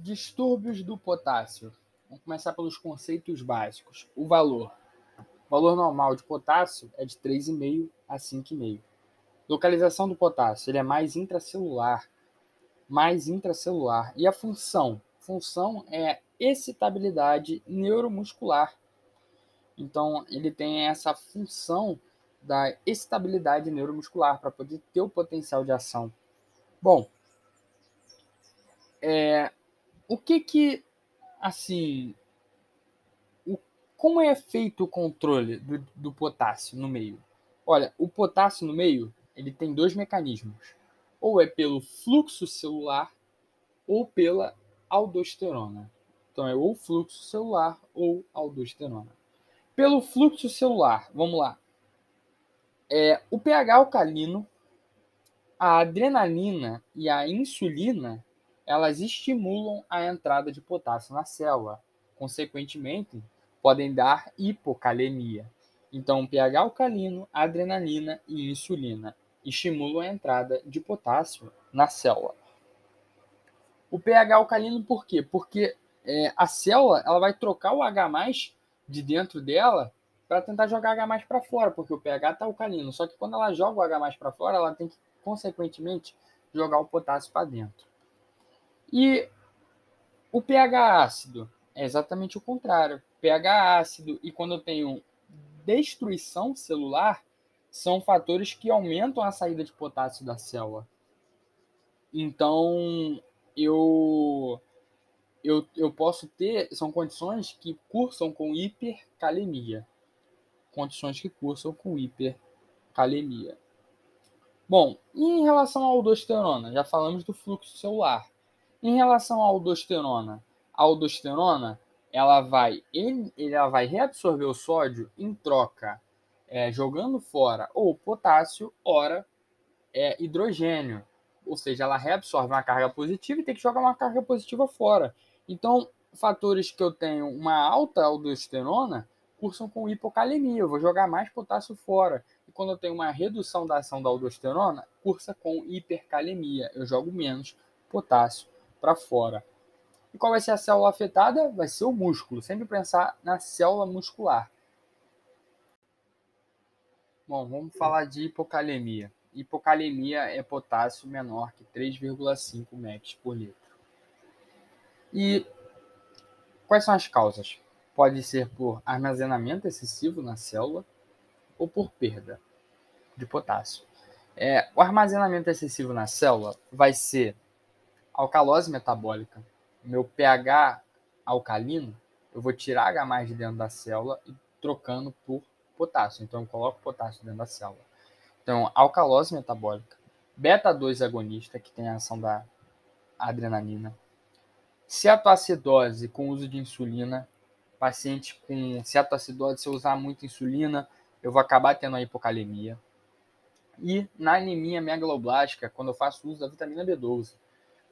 Distúrbios do potássio. Vamos começar pelos conceitos básicos. O valor. O valor normal de potássio é de 3,5 a 5,5. Localização do potássio. Ele é mais intracelular. Mais intracelular. E a função? Função é excitabilidade neuromuscular. Então, ele tem essa função da excitabilidade neuromuscular para poder ter o potencial de ação. Bom, é, o que que, assim, o, como é feito o controle do, do potássio no meio? Olha, o potássio no meio, ele tem dois mecanismos. Ou é pelo fluxo celular ou pela aldosterona. Então é ou fluxo celular ou aldosterona. Pelo fluxo celular, vamos lá. É, o pH alcalino, a adrenalina e a insulina elas estimulam a entrada de potássio na célula. Consequentemente, podem dar hipocalemia. Então, pH alcalino, adrenalina e insulina estimulam a entrada de potássio na célula. O pH alcalino por quê? Porque é, a célula ela vai trocar o H+ de dentro dela para tentar jogar H+ para fora, porque o pH está alcalino. Só que quando ela joga o H+ para fora, ela tem que consequentemente jogar o potássio para dentro. E o pH ácido é exatamente o contrário. pH ácido e quando eu tenho destruição celular são fatores que aumentam a saída de potássio da célula. Então, eu eu, eu posso ter, são condições que cursam com hipercalemia. Condições que cursam com hipercalemia. Bom, em relação ao aldosterona, já falamos do fluxo celular. Em relação à aldosterona, a aldosterona ela vai, ela vai reabsorver o sódio em troca, é, jogando fora ou potássio, ora é, hidrogênio. Ou seja, ela reabsorve uma carga positiva e tem que jogar uma carga positiva fora. Então, fatores que eu tenho uma alta aldosterona cursam com hipocalemia, eu vou jogar mais potássio fora. E quando eu tenho uma redução da ação da aldosterona, cursa com hipercalemia, eu jogo menos potássio para fora. E qual vai ser a célula afetada? Vai ser o músculo. Sempre pensar na célula muscular. Bom, vamos falar de hipocalemia. Hipocalemia é potássio menor que 3,5 mEq por litro. E quais são as causas? Pode ser por armazenamento excessivo na célula ou por perda de potássio. É, o armazenamento excessivo na célula vai ser alcalose metabólica. Meu pH alcalino, eu vou tirar H de dentro da célula e trocando por potássio. Então, eu coloco potássio dentro da célula. Então, alcalose metabólica, beta-2 agonista, que tem a ação da adrenalina, cetoacidose com uso de insulina. Paciente com cetoacidose, se eu usar muito insulina, eu vou acabar tendo a hipocalemia. E na anemia megaloblástica, quando eu faço uso da vitamina B12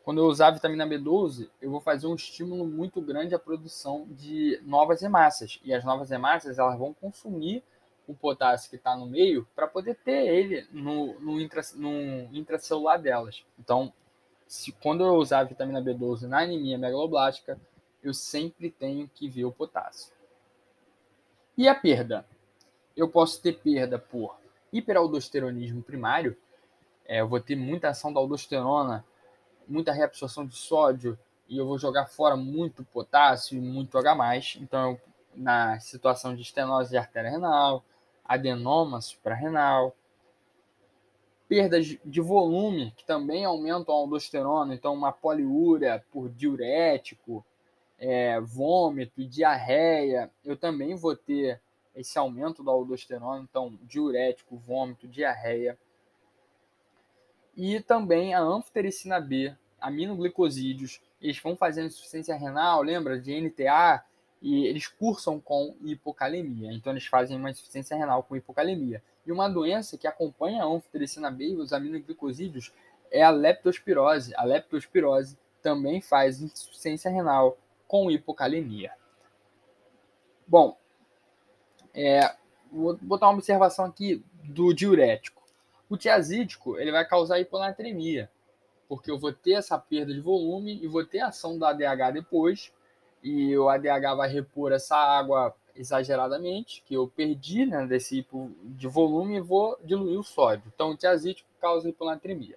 quando eu usar vitamina B12, eu vou fazer um estímulo muito grande à produção de novas hemácias. E as novas hemácias elas vão consumir o potássio que está no meio para poder ter ele no, no, intra, no intracelular delas. Então, se, quando eu usar vitamina B12 na anemia megaloblástica, eu sempre tenho que ver o potássio. E a perda? Eu posso ter perda por hiperaldosteronismo primário, é, eu vou ter muita ação da aldosterona muita reabsorção de sódio e eu vou jogar fora muito potássio e muito H+. Então, na situação de estenose de artéria renal, adenoma suprarrenal, perdas de volume, que também aumentam a aldosterona, então uma poliúria por diurético, é, vômito, diarreia, eu também vou ter esse aumento da aldosterona, então diurético, vômito, diarreia. E também a anfotericina B, aminoglicosídeos, eles vão fazendo insuficiência renal, lembra de NTA, e eles cursam com hipocalemia. Então eles fazem uma insuficiência renal com hipocalemia. E uma doença que acompanha a anfitricina B e os aminoglicosídeos é a leptospirose. A leptospirose também faz insuficiência renal com hipocalemia. Bom, é, vou botar uma observação aqui do diurético. O tiazídico ele vai causar hiponatremia porque eu vou ter essa perda de volume e vou ter ação do ADH depois, e o ADH vai repor essa água exageradamente, que eu perdi né, desse hipo de volume, e vou diluir o sódio. Então, o tiazítico causa hiponatremia.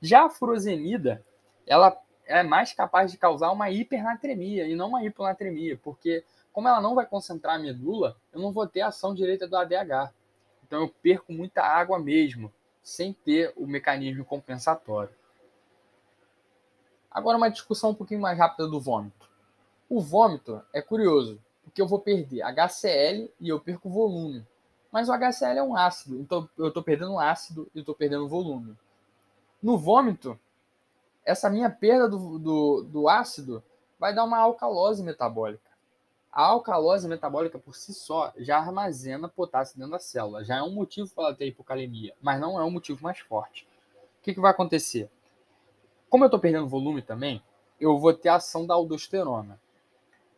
Já a furosemida, ela é mais capaz de causar uma hipernatremia e não uma hiponatremia, porque como ela não vai concentrar a medula, eu não vou ter ação direita do ADH. Então, eu perco muita água mesmo, sem ter o mecanismo compensatório. Agora, uma discussão um pouquinho mais rápida do vômito. O vômito é curioso, porque eu vou perder HCl e eu perco volume. Mas o HCl é um ácido, então eu estou perdendo ácido e estou perdendo volume. No vômito, essa minha perda do, do, do ácido vai dar uma alcalose metabólica. A alcalose metabólica por si só já armazena potássio dentro da célula, já é um motivo para ela ter hipocalemia, mas não é um motivo mais forte. O que, que vai acontecer? Como eu estou perdendo volume também, eu vou ter a ação da aldosterona.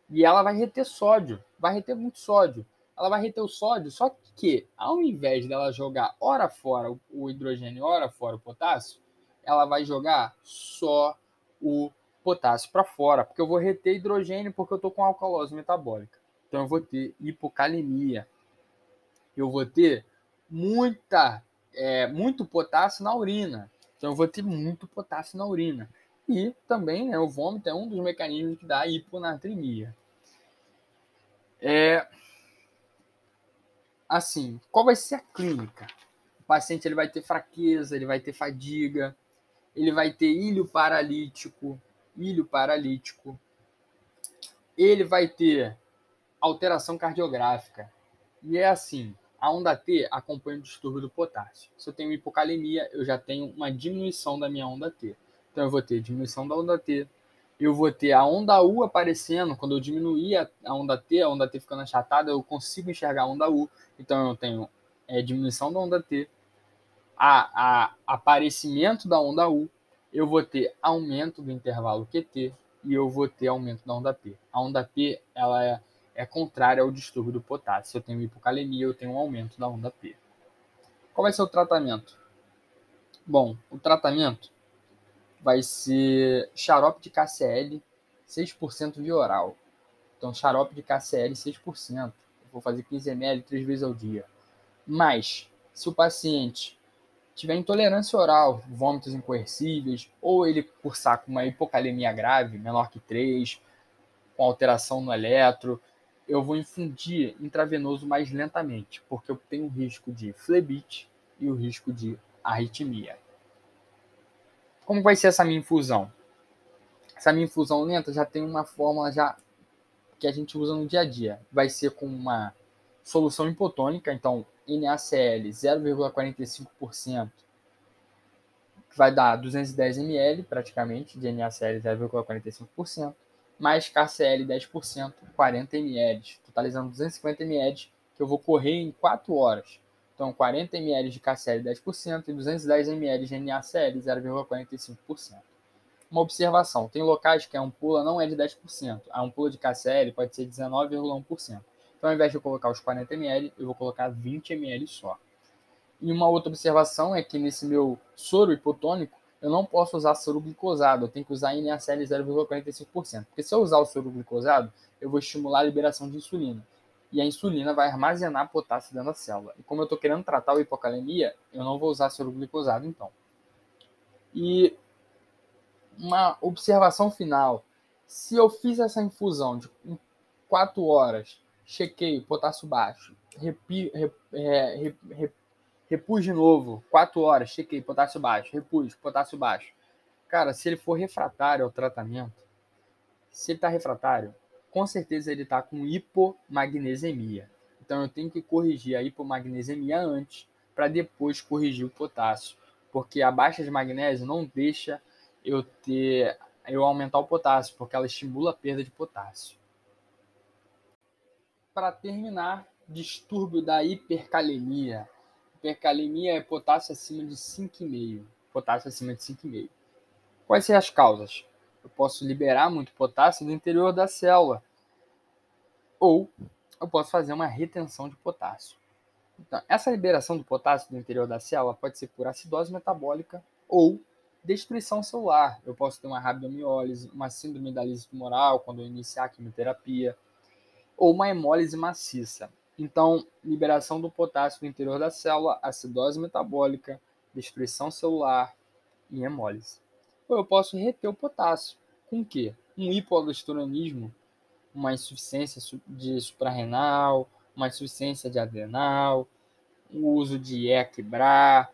E ela vai reter sódio, vai reter muito sódio. Ela vai reter o sódio, só que ao invés dela jogar hora fora o hidrogênio, hora fora o potássio, ela vai jogar só o potássio para fora, porque eu vou reter hidrogênio porque eu estou com alcalose metabólica. Então eu vou ter hipocalemia. Eu vou ter muita, é, muito potássio na urina. Então eu vou ter muito potássio na urina. E também né, o vômito é um dos mecanismos que dá hiponatremia. É... Assim, qual vai ser a clínica? O paciente ele vai ter fraqueza, ele vai ter fadiga, ele vai ter ilho paralítico, ilho paralítico. Ele vai ter alteração cardiográfica. E é assim, a onda T acompanha o distúrbio do potássio. Se eu tenho hipocalemia, eu já tenho uma diminuição da minha onda T. Então eu vou ter diminuição da onda T, eu vou ter a onda U aparecendo. Quando eu diminuir a onda T, a onda T ficando achatada, eu consigo enxergar a onda U. Então eu tenho é, diminuição da onda T, a, a, aparecimento da onda U, eu vou ter aumento do intervalo QT e eu vou ter aumento da onda P. A onda P ela é é contrária ao distúrbio do potássio. Eu tenho hipocalemia, eu tenho um aumento da onda P. Qual vai ser o tratamento? Bom, o tratamento vai ser xarope de KCL 6% via oral. Então, xarope de KCL 6%. Eu vou fazer 15 ml três vezes ao dia. Mas, se o paciente tiver intolerância oral, vômitos incoercíveis, ou ele cursar com uma hipocalemia grave, menor que 3, com alteração no eletro, eu vou infundir intravenoso mais lentamente, porque eu tenho o risco de flebite e o risco de arritmia. Como vai ser essa minha infusão? Essa minha infusão lenta já tem uma fórmula já que a gente usa no dia a dia. Vai ser com uma solução hipotônica, então NaCl 0,45%, que vai dar 210 ml praticamente de NaCl 0,45% mais KCL 10%, 40 ml, totalizando 250 ml, que eu vou correr em 4 horas. Então, 40 ml de KCL 10% e 210 ml de NaCl 0,45%. Uma observação: tem locais que a ampola não é de 10%, a ampola de KCl pode ser 19,1%. Então, ao invés de eu colocar os 40 ml, eu vou colocar 20 ml só. E uma outra observação é que nesse meu soro hipotônico, eu não posso usar soro glicosado, eu tenho que usar NaCl 0,45%. Porque se eu usar o soro glicosado, eu vou estimular a liberação de insulina. E a insulina vai armazenar potássio dentro da célula. E como eu estou querendo tratar o hipocalemia, eu não vou usar soro glicosado, então. E uma observação final. Se eu fiz essa infusão de 4 horas, chequei potássio baixo, repi, rep, é, rep, rep, repus de novo, 4 horas, chequei, potássio baixo, repus, potássio baixo. Cara, se ele for refratário ao tratamento, se ele está refratário, com certeza ele está com hipomagnesemia. Então eu tenho que corrigir a hipomagnesemia antes, para depois corrigir o potássio, porque a baixa de magnésio não deixa eu ter eu aumentar o potássio, porque ela estimula a perda de potássio. Para terminar, distúrbio da hipercalemia, hipercalemia é potássio acima de 5,5. Potássio acima de 5,5. Quais são as causas? Eu posso liberar muito potássio do interior da célula. Ou eu posso fazer uma retenção de potássio. Então, essa liberação do potássio do interior da célula pode ser por acidose metabólica ou destruição celular. Eu posso ter uma rabdomiólise, uma síndrome da lise tumoral quando eu iniciar a quimioterapia, ou uma hemólise maciça. Então, liberação do potássio no interior da célula, acidose metabólica, destruição celular e hemólise. Ou eu posso reter o potássio. Com o quê? Um hipoaldosteronismo, uma insuficiência de suprarrenal, uma insuficiência de adrenal, o uso de equibrar,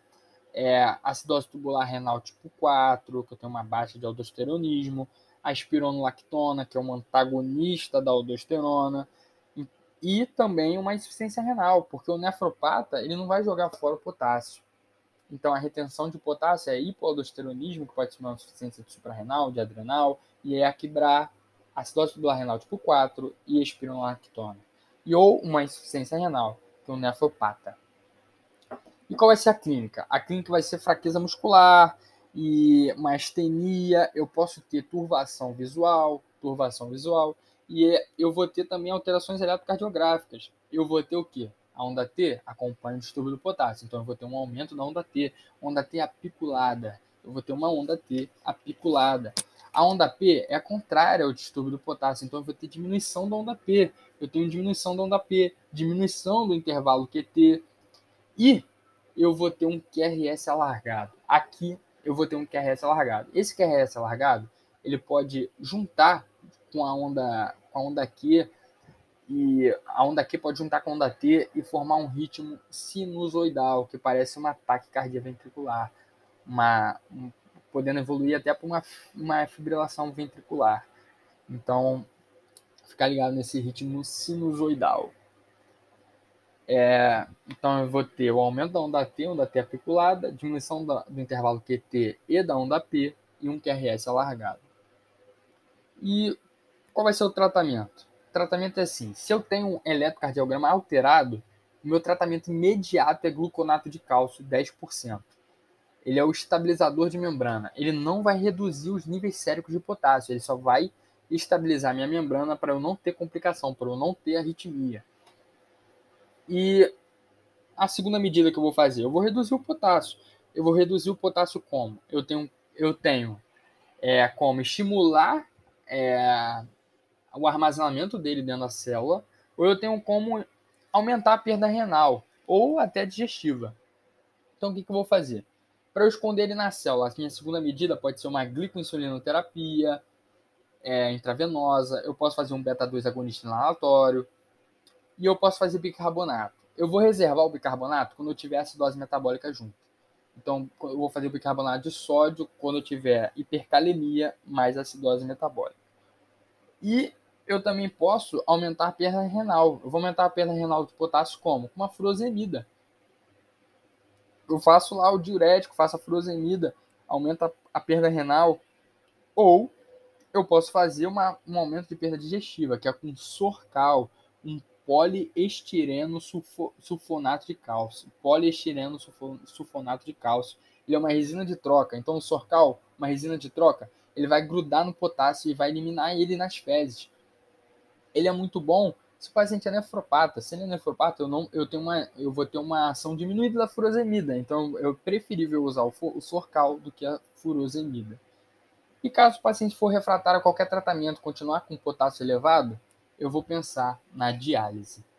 é, acidose tubular renal tipo 4, que eu tenho uma baixa de aldosteronismo, a espironolactona, que é um antagonista da aldosterona, e também uma insuficiência renal, porque o nefropata ele não vai jogar fora o potássio. Então a retenção de potássio é hipoaldosteronismo, que pode ser uma insuficiência de suprarrenal, de adrenal, e é a quebrar acidose tubular renal tipo 4 e espirulactona. E ou uma insuficiência renal, que é o nefropata. E qual vai ser a clínica? A clínica vai ser fraqueza muscular e mastenia eu posso ter turvação visual, turvação visual, e é, eu vou ter também alterações eletrocardiográficas. Eu vou ter o quê? A onda T acompanha o distúrbio do potássio. Então eu vou ter um aumento da onda T, onda T apiculada. Eu vou ter uma onda T apiculada. A onda P é contrária ao distúrbio do potássio, então eu vou ter diminuição da onda P. Eu tenho diminuição da onda P, diminuição do intervalo QT. E eu vou ter um QRS alargado. Aqui eu vou ter um QRS alargado. Esse QRS alargado, ele pode juntar com a onda com a onda Q e a onda Q pode juntar com a onda T e formar um ritmo sinusoidal que parece um ataque cardioventricular, uma, um, podendo evoluir até para uma, uma fibrilação ventricular. Então, ficar ligado nesse ritmo sinusoidal. É, então eu vou ter o aumento da onda T, onda T apiculada, diminuição da, do intervalo QT e da onda P e um QRS alargado. E qual vai ser o tratamento? O tratamento é assim: se eu tenho um eletrocardiograma alterado, o meu tratamento imediato é gluconato de cálcio, 10%. Ele é o estabilizador de membrana. Ele não vai reduzir os níveis séricos de potássio, ele só vai estabilizar minha membrana para eu não ter complicação, para eu não ter arritmia. E a segunda medida que eu vou fazer, eu vou reduzir o potássio. Eu vou reduzir o potássio como? Eu tenho, eu tenho é, como estimular é, o armazenamento dele dentro da célula, ou eu tenho como aumentar a perda renal ou até digestiva. Então, o que, que eu vou fazer? Para eu esconder ele na célula, a minha segunda medida pode ser uma glicoinsulinoterapia é, intravenosa, eu posso fazer um beta-2 agonista inalatório e eu posso fazer bicarbonato. Eu vou reservar o bicarbonato quando eu tiver acidose metabólica junto. Então, eu vou fazer o bicarbonato de sódio quando eu tiver hipercalemia mais acidose metabólica. E eu também posso aumentar a perda renal. Eu vou aumentar a perda renal de potássio como? Com uma furosemida. Eu faço lá o diurético, faço a furosemida, aumenta a perda renal. Ou eu posso fazer uma, um aumento de perda digestiva, que é com sorcal, um poliestireno sulfo, sulfonato de cálcio. Poliestireno sulfo, sulfonato de cálcio. Ele é uma resina de troca. Então, o sorcal, uma resina de troca, ele vai grudar no potássio e vai eliminar ele nas fezes ele é muito bom se o paciente é nefropata. Se ele é nefropata, eu, não, eu, tenho uma, eu vou ter uma ação diminuída da furosemida. Então, é preferível usar o, o sorcal do que a furosemida. E caso o paciente for refratário a qualquer tratamento, continuar com potássio elevado, eu vou pensar na diálise.